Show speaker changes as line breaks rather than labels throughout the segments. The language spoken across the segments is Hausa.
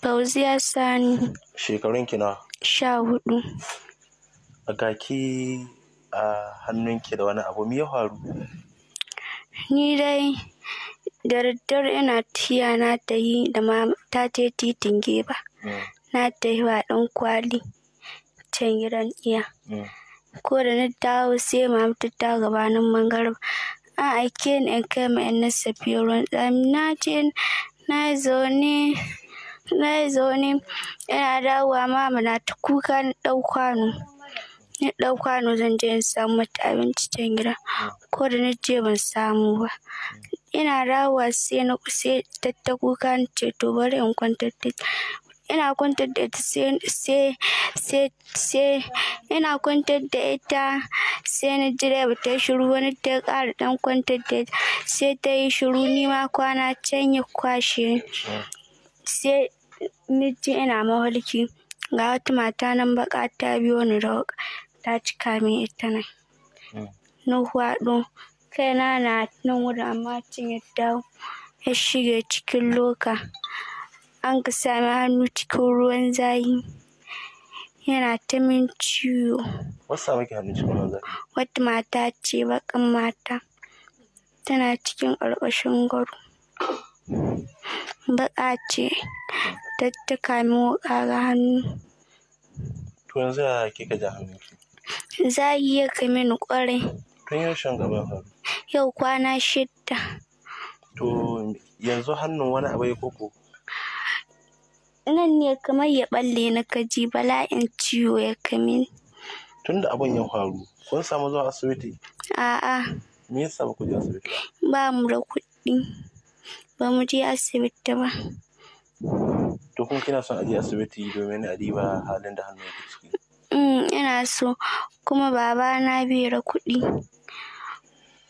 Fauziya Sani.
Shekarun kina
Sha hudu.
A ki a hannunki da wani abu ya faru?
Ni dai da daddare ina tiya na ta yi da ta ce titin geba. Mm. Na ta yi wa ɗan kwali can gidan iya. Mm. Ko da na dawo sai mamu ta gabanin mangarba. A aike ni in kai ma 'yan nasa ruwan tsami na ce na zaune na yi zaune yana dawowa mama na ta kuka na ɗau kwano na ɗau kwano zan je in samu mata abinci can gida ko da na je ban samu ba ina dawowa sai na kusa ta ta kuka na ce to bari in kwantar da ina kwantar da ita sai sai sai ina kwantar da ita sai na ba ta shiru wani ta ƙara ɗan kwantar da ita sai ta yi shiru ni ma kwana can ya kwashe sai ji ina mawalki ga wata mata nan baka ta biyo ni da ta cika min ita nan na hwaɗo kaina na nan wurin amma cin ya ya shiga cikin loka an ka sami hannu cikin ruwan zayi. yana ta min ciwo wata mata ce bakan mata tana cikin ƙarƙashin gwaro. baƙa ce ta ta kami wuƙa ga hannu
to yanzu ya kika ji hannunki
zagi ya kai mini ƙwarai
tun shan gaba faru
yau kwana shidda
to yanzu hannun wani abu ya koko
nan ne kamar ya balle na kaji bala'in ciwo ya kame
tun da abun ya faru kun samu zuwa asibiti
a'a
me yasa ba ku je asibiti
ba mu da kuɗi ba mu je asibiti ba
to kuma kina son a je asibiti domin a diba halin da hannu yake ciki
mm, ina so kuma baba na bai da kuɗi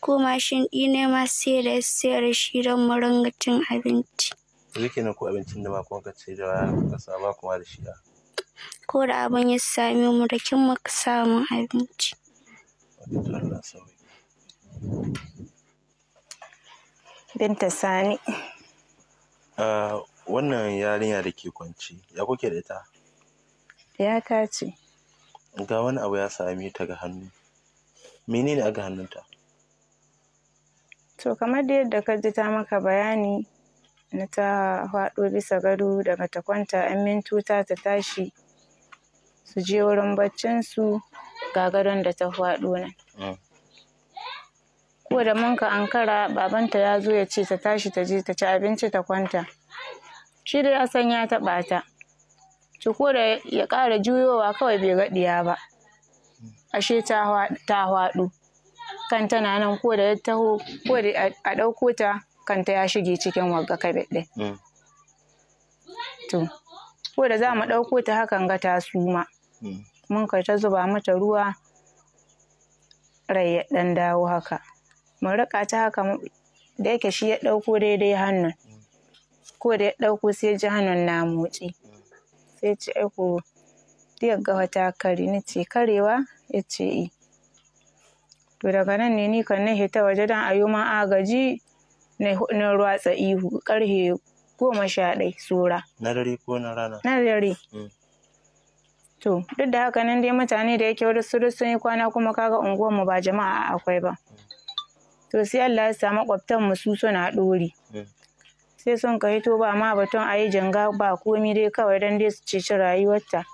ko mashin ɗi ne ma sai da sayar shi don mu ringa cin abinci
Zai kenan ko abincin da ma kuma ka ce da ka saba kuma da shi
ko da abin ya same mu da kin muka samun abinci
Thank you.
Binta Sani.
Uh, wannan yarinya da ke kwanci, ya kuke da ita?
Ya ce.
Ga wani abu ya sami ta ga hannu. Menene ne aga hannunta?
To kamar da yadda ka ji ta maka bayani na ta faɗo bisa gado daga ta kwanta ‘yan mintuta ta tashi su je wurin baccinsu ga gadon da ta faɗo nan. Mm. ko da mun ankara babanta ya zo ya ce ta tashi ta je ta ci abinci ta kwanta shi da ya san ya taɓa ta ciko da ya kara juyowa kawai bai ga ɗiya ba ashe ta haɗu kan tana nan ko da ya taho ko da a ɗauko ta kanta ya shige cikin wagga kabe ɗin mm. to ko da za mu ɗauko ta hakan ga ta suma mm. mun ka ta zuba mata ruwa rai ya dan dawo haka mu riƙa ta haka da yake shi ya ɗauko daidai hannun ko da ya ɗauko sai ji hannun na motsi sai ce aiko diyar ga ta kare ni ce karewa ya ce i to daga nan ne ni kan na hita waje don a yi ma agaji na ruwatsa ihu karhe goma sha ɗai tsora
na dare ko na rana na dare mm.
to duk da haka nan dai mutane da yake wani sun yi kwana kuma kaga unguwar mu ba jama'a akwai ba to sai Allah ya sa makwabtan mu su suna dore eh. sai sun ka to ba ma batun ayi yi janga ba komi dai kawai dan dai su ceci rayuwarta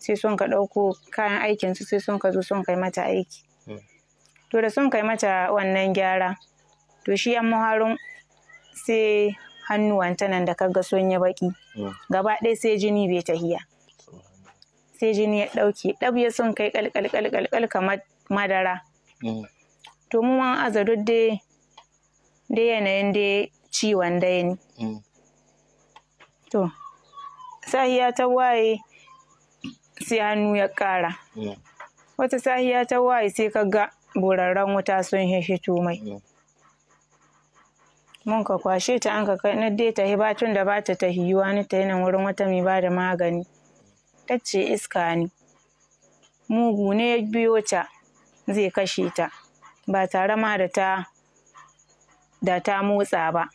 sai sun ka ɗauko kayan aikin su sai sun ka zo sun kai mata aiki eh. to da sun kai mata wannan gyara to shi an muharin sai hannuwan ta nan da kaga sun yi baki eh. gaba ɗaya sai jini bai tahiya sai jini ya ɗauke ɗab ya sun kai kalkal kalkal kamar madara to mu wan aza duk dai yanayin da ciwon dai ne mm. to sahiya ta waye sai hannu ya ƙara mm. wata sahiya ta waye sai ka ga burarren wuta sun hito tumai mm. mun ka kwashe ta an ka kai na dai ta hiba tun da bata ta hiyuwa ni ta nan wurin wata mai da magani ta ce iska ne mugu ne ya biyo ta zai kashe ta ba tare ma da ta da ta motsa ba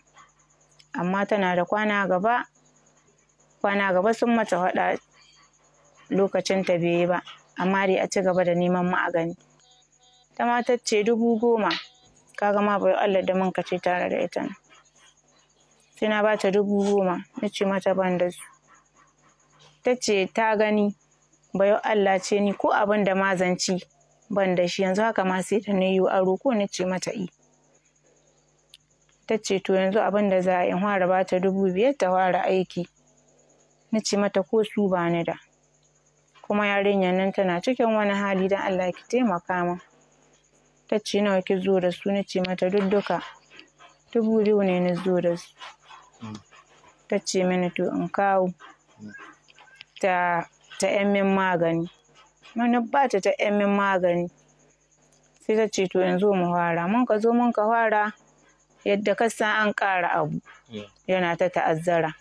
amma tana da kwana gaba kwana gaba sun mata faɗa lokacinta bai yi ba amma dai a ci gaba da neman mu a gani ta ce dubu goma kaga ma bai Allah da manka ce tare da ita sai na bata dubu goma na ce mata ban da su ta ce ta gani bayo Allah ce ni ko abin da mazanci ban da shi yanzu haka ma sai ta na aro ko na ce mata i ta ce to yanzu abin da za a in fara ba ta dubu biyar ta fara aiki na ce mata ko su ba ni da kuma yarinyar nan tana cikin wani hali don Allah ki taimaka min ta ce nawa ki zo da su na ce mata duk dubu biyu ne na zo da su ta ce mini to in kawo ta ta yan min magani wani bata ta ta min magani sai ta ce to yanzu mu fara mun ka zo mun ka fara yadda ka san an ƙara abu yana ta ta'azzara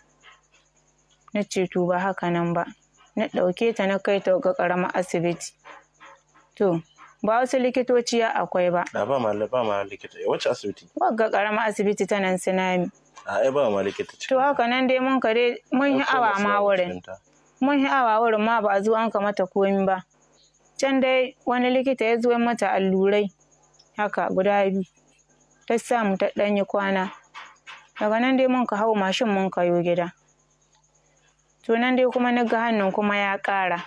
na ce to ba haka nan ba na ɗauke ta na kai ta ga ƙaramar asibiti to ba wasu likitoci ya akwai ba. Na ba ma ba ma likita wacce asibiti? ga karama asibiti ta nan sinami. A ai ba ma likita To haka nan dai mun dai mun yi awa ma wurin. Mun yi awa wurin ma ba a zo an kamata komi ba. Can dai wani likita ya zo mata allurai haka guda biyu, ta samu ta ɗanyi kwana. Daga nan dai mun ka hau mashin mun ka yo gida. To nan dai kuma na ga hannun kuma ya ƙara.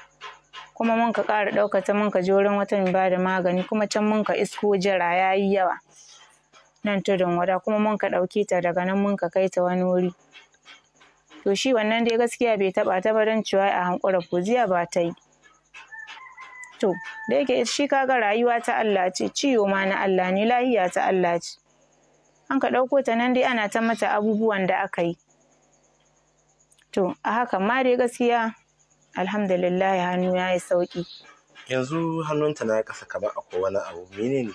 Kuma mun ka ƙara ɗauka ta mun ka je wurin wata ba da magani kuma can mun ka isko jira ya yi yawa. Nan tudun wada kuma mun ka ɗauki ta daga nan mun ka kai ta wani wuri. To shi wannan dai gaskiya bai taɓa ta ba don cewa a hankura jiya ba ta yi. to da yake shi kaga rayuwa ta Allah ce ciwo ma na Allah ne lahiya ta Allah ce an ka ɗauko ta nan dai ana ta mata abubuwan da aka yi to a haka ma dai gaskiya alhamdulillah hannu ya yi sauki
yanzu hannunta na kasa kamar akwai wani abu menene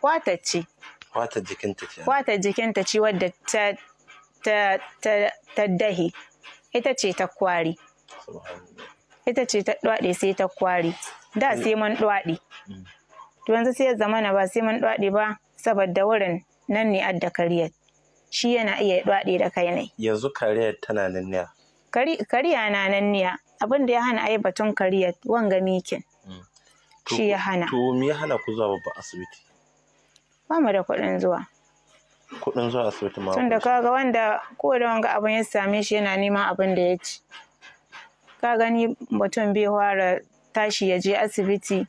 kwata ce
kwata jikinta ce
kwata jikinta ce wadda ta ta ta, ta dahi ita ce ta kwari ita ce ta ɗwaɗe sai ta kware da mm. sai mun ɗwaɗe mm. to yanzu sai ya zamana ba sai mun ɗwaɗe ba saboda wurin nan ne adda kariyar shi yana iya ɗwaɗe da kai ne
yanzu kariyar tana nan ne
kariya na nan ne abin da ya hana ai batun kariyar wanga mikin mm. shi ya hana to
me ya hana ku zuwa babban asibiti
ba mu da kuɗin zuwa
kuɗin zuwa asibiti ma tunda
kaga wanda ko da wanga abin ya same shi yana neman abin da ya ci ka gani mutum bai fara tashi ya je asibiti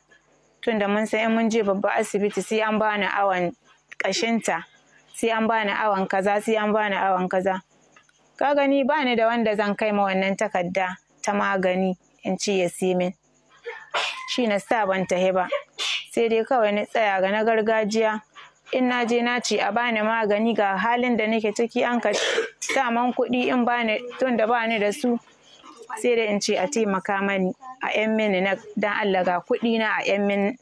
tunda mun san in mun je babban asibiti sai an bani awon kashinta, sai an bani awon kaza sai an bani awon kaza ka gani ba ni da wanda zan kai ma wannan takarda ta magani in ci ya min shi na sa ban tahi ba sai dai kawai na tsaya ga na gargajiya in na je na ce a bani magani ga halin da nake ciki an ka man kuɗi in bani tun da bani da su sai da in ce a taimaka mani a 'yan mini na don Allah ga kuɗi na a 'yan min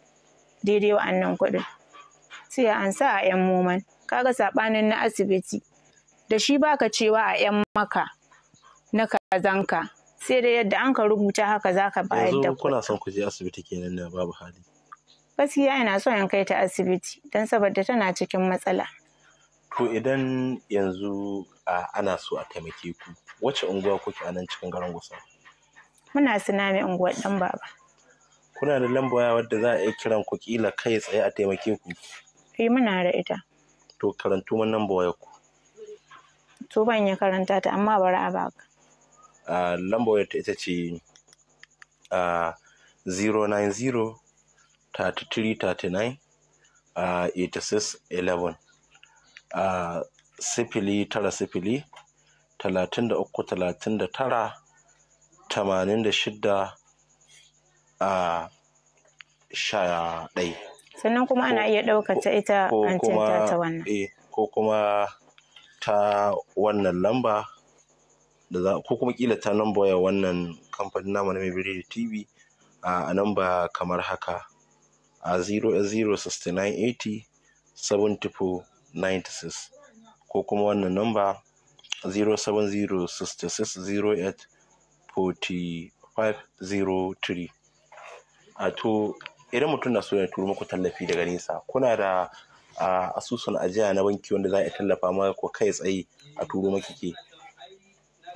daidai wa'annan kuɗin sai a ansa a 'yan moman ga saɓanin na asibiti da shi baka cewa a 'yan maka na kazanka sai da yadda an ka rubuta haka za ka bayar da kuna
son ku je asibiti kenan da babu hali
gaskiya ina so in kai ta asibiti don saboda tana cikin matsala
to idan yanzu ana so a taimake ku wacce unguwa kuke a nan cikin garin Gusau
muna sinami unguwar dan baba
kuna da lamba wadda za a iya kiran ku kila kai tsaye a taimake ku
eh muna da ita
to karantu mun lamba wayar ku
to ban ya karanta ta amma bari a baka
a lamba wayar ta ita ce a 090 33 39 86 11 sifili tara sifili talatin da uku talatin da tara tamanin da shida a sha ɗai
sannan kuma ana iya ɗauka ta ita an ta ta wannan
eh, ko kuma ta wannan lamba da za ko kuma kila ta nan waya wannan kamfanin namu na mai tv a ba kamar haka a 0 0 69 80 74 96 ko kuma wannan zero, 07066084503. A to idan mutum na so ya turo muku tallafi daga nesa kuna da a asusun ajiya na banki wanda za a tallafa ma ko kai tsaye a turo maki ke. Ito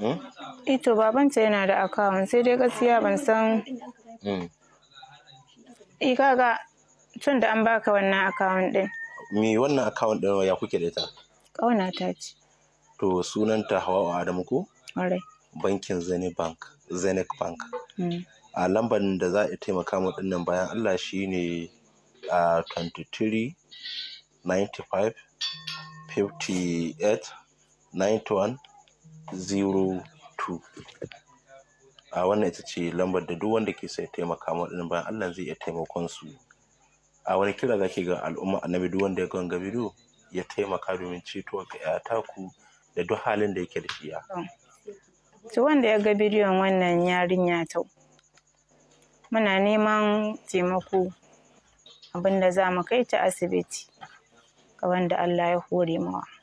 hmm?
eh babanta yana da akawun sai dai gaskiya ban san hmm. eh, kaga tun da an baka wannan akawun din.
Me wannan akawun din ya kuke da ita?
ƙaunata ce.
To sunanta Hawa'u Adamu ko? Ƙwarai. Bankin Zenith Bank, Zenith Bank. Hmm. A lambar da za a taimaka mu dinnan bayan Allah shi ne a 23 95 58 91 02. a wannan ita ce lambar da duk wanda ke sai taimaka ma ɗin bayan Allah zai iya taimakon su a wani kira zaki ga al'umma annabi duk wanda ya ga bidiyo ya taimaka domin ceto ga yata ku da duk halin da yake da shi ya.
To wanda ya ga bidiyon wannan yarinya ta, Muna neman taimako abinda za mu kai ta asibiti ga wanda Allah ya hore mawa.